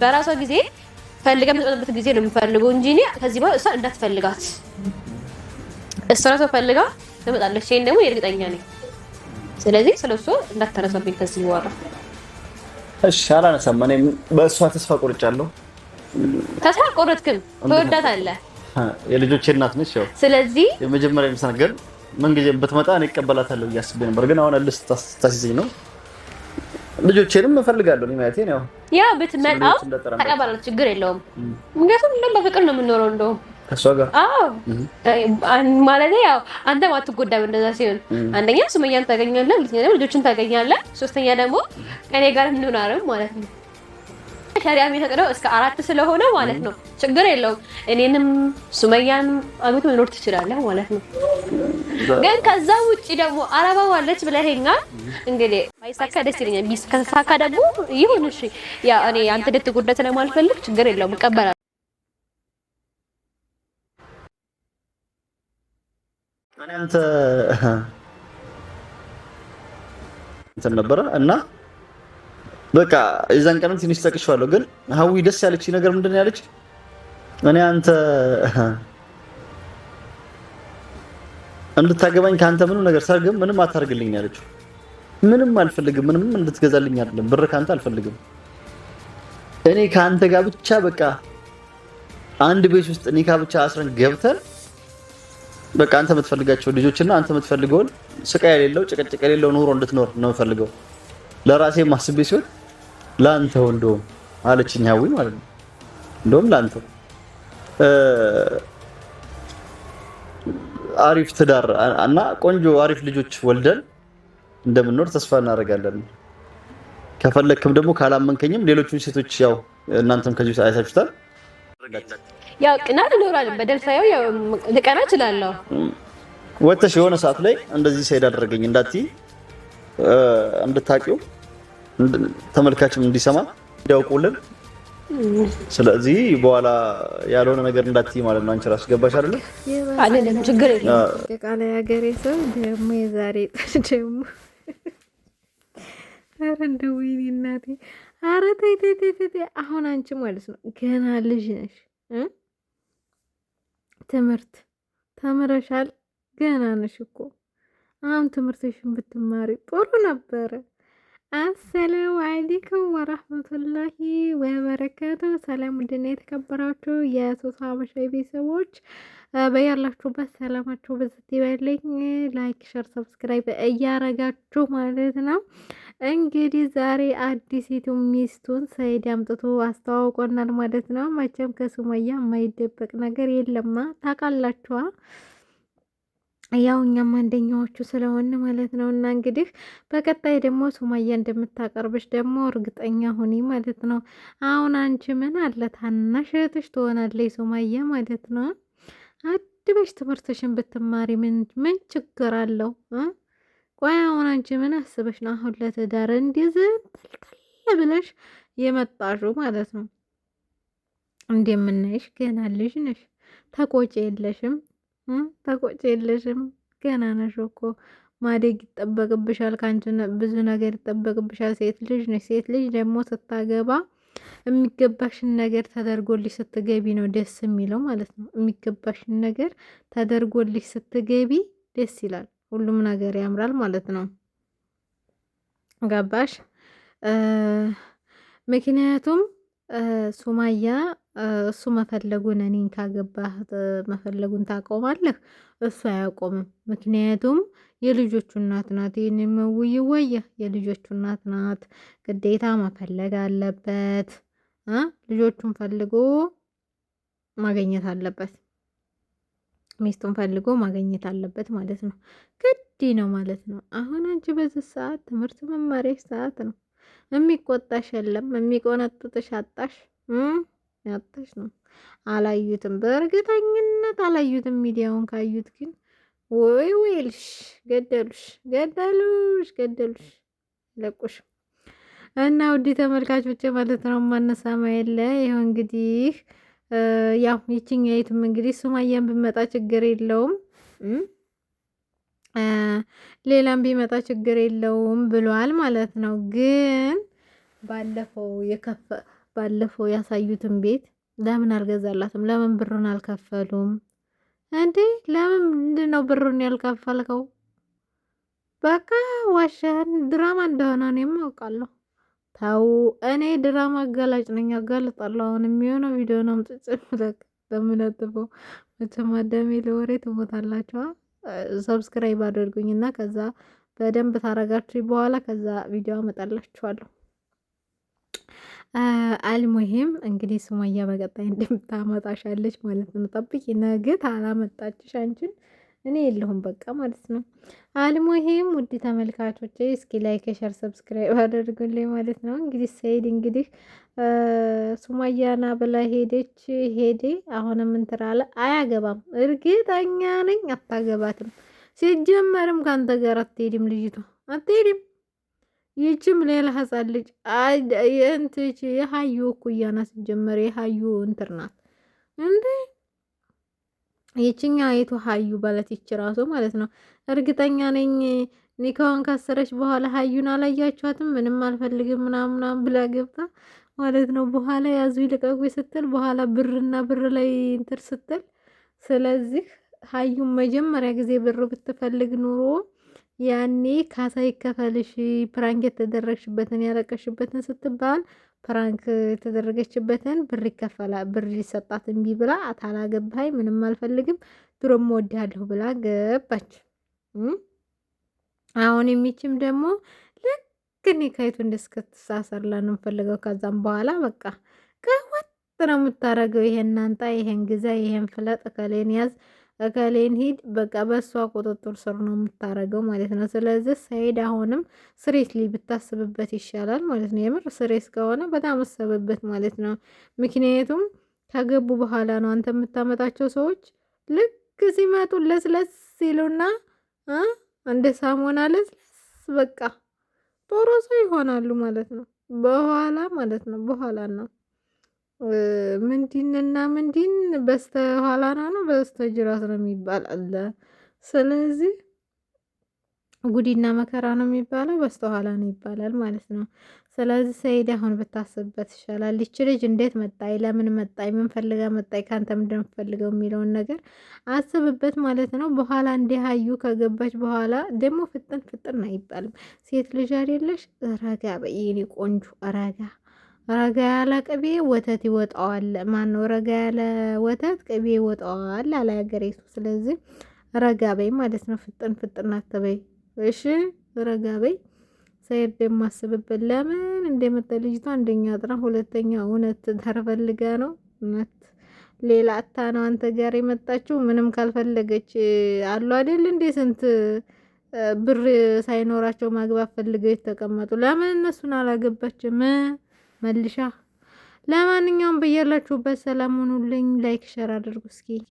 በራሷ ጊዜ ፈልጋ የምትመጣበት ጊዜ ነው የምፈልገው እንጂ እኔ ከዚህ በኋላ እሷ እንዳትፈልጋት እሷ ራሷ ፈልጋ ትመጣለች። ይሄን ደግሞ የእርግጠኛ ነኝ። ስለዚህ ስለሱ እንዳታነሳብኝ ከዚህ በኋላ እሺ። አላነሳም። እኔም በእሷ ተስፋ ቆርጫለሁ። ተስፋ ቆረጥክም፣ ትወዳታለህ። የልጆች እናት ነች። ያው ስለዚህ የመጀመሪያ ምሳሌ ግን ምን ጊዜ ብትመጣ እኔ እቀበላታለሁ እያስቤ ነበር፣ ግን አሁን ልስ ታሲዘኝ ነው ልጆቼንም እፈልጋለሁ እኔ ማለቴ ነው። ያ ብትመጣው ተቀበላት፣ ችግር የለውም። ምክንያቱም እንደውም በፍቅር ነው የምኖረው እንደውም ከእሷ ጋር አዎ፣ ያው አንተ አትጎዳም እንደዛ ሲሆን፣ አንደኛ ሱመያን ታገኛለህ፣ ሁለተኛ ደግሞ ልጆችን ታገኛለህ፣ ሶስተኛ ደግሞ እኔ ጋር እንኖራለን ማለት ነው። ሸሪያ የሚፈቅደው እስከ አራት ስለሆነ ማለት ነው ችግር የለውም። እኔንም ሱመያን አብቶ መኖር ትችላለህ ማለት ነው። ግን ከዛ ውጭ ደግሞ አረባ ዋለች ብለኸኛል። እንግዲህ ማይሳካ ደስ ይለኛል። ቢስ ደግሞ ይሁን። እሺ ያ እኔ አንተ ልትጎዳ ስለማልፈልግ ችግር የለውም እቀበላለሁ። አንተ እንትን ነበረ እና በቃ የዛን ቀንም ትንሽ ጠቅሻለሁ። ግን ሀዊ ደስ ያለች ነገር ምንድን ነው ያለች እኔ አንተ እንድታገባኝ ከአንተ ምንም ነገር ሰርግም ምንም አታርግልኝ ያለችው። ምንም አልፈልግም፣ ምንም እንድትገዛልኝ አይደለም፣ ብር ከአንተ አልፈልግም። እኔ ከአንተ ጋር ብቻ በቃ አንድ ቤት ውስጥ ኒካ ብቻ አስረን ገብተን በቃ አንተ የምትፈልጋቸው ልጆችና አንተ የምትፈልገውን ስቃይ የሌለው ጭቅጭቅ የሌለው ኑሮ እንድትኖር ነው የምፈልገው። ለራሴ ማስቤ ሲሆን ለአንተው እንደውም አለችኝ፣ ሀዊ ማለት ነው እንደውም ለአንተው አሪፍ ትዳር እና ቆንጆ አሪፍ ልጆች ወልደን እንደምንኖር ተስፋ እናደርጋለን። ከፈለክም ደግሞ ካላመንከኝም ሌሎቹን ሴቶች ያው እናንተም ከዚህ አይታችሁታል። ያው ቅናት ይኖራል። በደል ሳይሆን ልቀና እችላለሁ። ወተሽ የሆነ ሰዓት ላይ እንደዚህ ሰይድ አደረገኝ እንዳትዪ እንድታቂው ተመልካችም እንዲሰማ እንዲያውቁልን ስለዚህ በኋላ ያልሆነ ነገር እንዳትዪ ማለት ነው። አንቺ ራስሽ ገባሽ አይደለ? አይደለም ችግር የለም። የቃላ ያገሬ ሰው ደግሞ የዛሬ ጠር ደግሞ ኧረ እንደው ወይኔ እናቴ ኧረ ተይ ተይ ተይ ተይ። አሁን አንቺ ማለት ነው ገና ልጅ ነሽ። ትምህርት ተምረሻል፣ ገና ነሽ እኮ አሁን ትምህርትሽን ብትማሪ ጥሩ ነበረ። አሰላሙ አለይኩም ወራህመቱላሂ ወበረካቱ። ሰላም ውድና የተከበራችሁ የሶሳ ሀበሻ ቤተሰቦች በያላችሁበት ሰላማችሁ በዝት ይበልኝ። ላይክ፣ ሸር፣ ሰብስክራይብ እያረጋችሁ ማለት ነው። እንግዲህ ዛሬ አዲሲቱ ሚስቱን ሰይድ አምጥቶ አስተዋውቆናል ማለት ነው። መቼም ከሱመያ የማይደበቅ ነገር የለማ ታውቃላችኋ። ያው እኛም አንደኛዎቹ ስለሆነ ማለት ነው። እና እንግዲህ በቀጣይ ደግሞ ሱማያ እንደምታቀርብሽ ደግሞ እርግጠኛ ሁኒ ማለት ነው። አሁን አንቺ ምን አለ ታናሽ እህትሽ ትሆናለች ሱማያ ማለት ነው። አድበሽ ትምህርትሽን ብትማሪ ምን ችግር አለው? ቆይ አሁን አንቺ ምን አስበሽ ነው አሁን ለትዳር እንዲዝን ትልትል ብለሽ የመጣሹ ማለት ነው። እንደምናይሽ ገና ልጅ ነሽ፣ ተቆጪ የለሽም ተቆጭ የለሽም ገና ነሽ እኮ ማደግ ይጠበቅብሻል። ከአንቺ ብዙ ነገር ይጠበቅብሻል። ሴት ልጅ ነሽ። ሴት ልጅ ደግሞ ስታገባ የሚገባሽን ነገር ተደርጎልሽ ስትገቢ ነው ደስ የሚለው ማለት ነው። የሚገባሽን ነገር ተደርጎልሽ ስትገቢ ደስ ይላል። ሁሉም ነገር ያምራል ማለት ነው። ገባሽ? ምክንያቱም ሱማያ እሱ መፈለጉን እኔን ካገባህ መፈለጉን ታቆማለህ? እሱ አያቆምም። ምክንያቱም የልጆቹ እናት ናት። ይህን ወየ የልጆቹ እናት ናት። ግዴታ መፈለግ አለበት። ልጆቹን ፈልጎ ማገኘት አለበት። ሚስቱን ፈልጎ ማገኘት አለበት ማለት ነው። ግድ ነው ማለት ነው። አሁን አንቺ በዚህ ሰዓት ትምህርት መማሪያሽ ሰዓት ነው። የሚቆጣሽ የለም፣ የሚቆነጥጥሽ አጣሽ። ያጣሽ ነው። አላዩትም፣ በእርግጠኝነት አላዩትም። ሚዲያውን ካዩት ግን ወይ ወይልሽ ገደሉሽ፣ ገደሉሽ፣ ገደሉሽ ለቁሽ እና ውድ ተመልካቾች ማለት ነው ማነሳማ የለ ይኸው እንግዲህ ያው ይችኛይቱም እንግዲህ ሱማያን ብመጣ ችግር የለውም ሌላም ቢመጣ ችግር የለውም ብሏል ማለት ነው ግን ባለፈው የከፈ ባለፈው ያሳዩትን ቤት ለምን አልገዛላትም? ለምን ብሩን አልከፈሉም? እንዴ ለምን ምንድን ነው ብሩን ያልከፈልከው? በቃ ዋሻን ድራማ እንደሆነ እኔ አውቃለሁ። ታው እኔ ድራማ አጋላጭ ነኝ፣ አጋልጣለሁ። አሁን የሚሆነው ቪዲዮ ነው ምጽጽር ለምነጥፈው መቼም አዳሜ ለወሬ ትሞታላችኋ። ሰብስክራይብ አድርጉኝና ከዛ በደንብ ታረጋችሁ በኋላ ከዛ ቪዲዮ አመጣላችኋለሁ። አልሙሂም እንግዲህ ሱመያ በቀጣይ እንደምታመጣሻለች ማለት ነው። ጠብቂ፣ ነገ ታላመጣችሽ አንቺን እኔ የለሁም በቃ ማለት ነው። አልሙሂም ውድ ተመልካቾች እስኪ ላይክ፣ ሸር፣ ሰብስክራይብ አድርጉልኝ ማለት ነው። እንግዲህ ሰይድ እንግዲህ ሱመያና ብላ ሄደች ሄዴ አሁን ምንትራለ አያገባም። እርግጠኛ ነኝ አታገባትም። ሲጀመርም ከአንተ ጋር አትሄድም ልጅቱ አትሄድም። ይችም ሌላ ህፃን ልጅ እንትች የሀዩ እኩያ ናት። ጀመር የሀዩ እንትር ናት እንዴ ይችኛ የቱ ሀዩ ባለት ይች ራሱ ማለት ነው። እርግጠኛ ነኝ ኒካዋን ካሰረች በኋላ ሀዩን አላያችኋትም? ምንም አልፈልግም ምናምናም ብላ ገብታ ማለት ነው። በኋላ ያዙ ይልቀቁ ስትል በኋላ ብርና ብር ላይ እንትር ስትል ስለዚህ ሀዩን መጀመሪያ ጊዜ ብር ብትፈልግ ኑሮ ያኔ ካሳ ይከፈልሽ ፕራንክ የተደረግሽበትን ያለቀሽበትን ስትባል ፕራንክ የተደረገችበትን ብር ይከፈላ ብር ሊሰጣት እምቢ ብላ አታላ ገባይ ምንም አልፈልግም ድሮም ወድሃለሁ ብላ ገባች። አሁን የሚችም ደግሞ ልክ እኔ ከየቱ እንደስከተሳሰር ላን እንፈልገው ከዛም በኋላ በቃ ከወጥ ነው የምታረገው። ይሄን ናንጣ፣ ይሄን ግዛ፣ ይሄን ፍለጥ ከሌን ያዝ እከሌን ሂድ በቃ በእሷ ቁጥጥር ስር ነው የምታረገው ማለት ነው። ስለዚህ ሳይድ አሁንም ሊ ብታስብበት ይሻላል ማለት ነው። የምር ስሬስ ከሆነ በጣም አሰብበት ማለት ነው። ምክንያቱም ከገቡ በኋላ ነው አንተ የምታመጣቸው ሰዎች ልክ ሲመጡ ለስለስ ሲሉና እንደ ሳሙና ለስለስ በቃ ጦሮሶ ይሆናሉ ማለት ነው። በኋላ ማለት ነው በኋላ ነው ምንዲንና ምንዲን በስተኋላ ነው በስተጅራት ነው የሚባል አለ። ስለዚህ ጉዲና መከራ ነው የሚባለው በስተኋላ ነው ይባላል ማለት ነው። ስለዚህ ሰይድ አሁን ብታስብበት ይሻላል። ይች ልጅ እንዴት መጣይ፣ ለምን መጣይ፣ ምን ፈልጋ መጣይ፣ ከአንተ ምንድን የምትፈልገው የሚለውን ነገር አስብበት ማለት ነው። በኋላ እንዲህ አዩ ከገባች በኋላ ደግሞ ፍጥን ፍጥን አይባልም። ሴት ልጅ አይደለሽ? ረጋ በይ የኔ ቆንጆ ረጋ ረጋ ያለ ቅቤ ወተት ይወጣዋል ማነው ረጋ ያለ ወተት ቅቤ ይወጣዋል አለ ሀገሬ ሰው። ስለዚህ ረጋ በይ ማለት ነው። ፍጥን ፍጥን አትበይ እሺ፣ ረጋ በይ። ሰይድ ደግሞ አስብበት። ለምን እንደመጣ ልጅቷ አንደኛ አጥራ፣ ሁለተኛ እውነት ትዳር ፈልጋ ነው። እውነት ሌላ አታ ነው አንተ ጋር የመጣችው። ምንም ካልፈለገች አሉ አይደል እንዴ ስንት ብር ሳይኖራቸው ማግባት ፈልገው የተቀመጡ። ለምን እነሱን አላገባችም? መልሻ። ለማንኛውም በያላችሁበት ሰላም ሁኑልኝ። ላይክ ሸር አድርጉ እስኪ።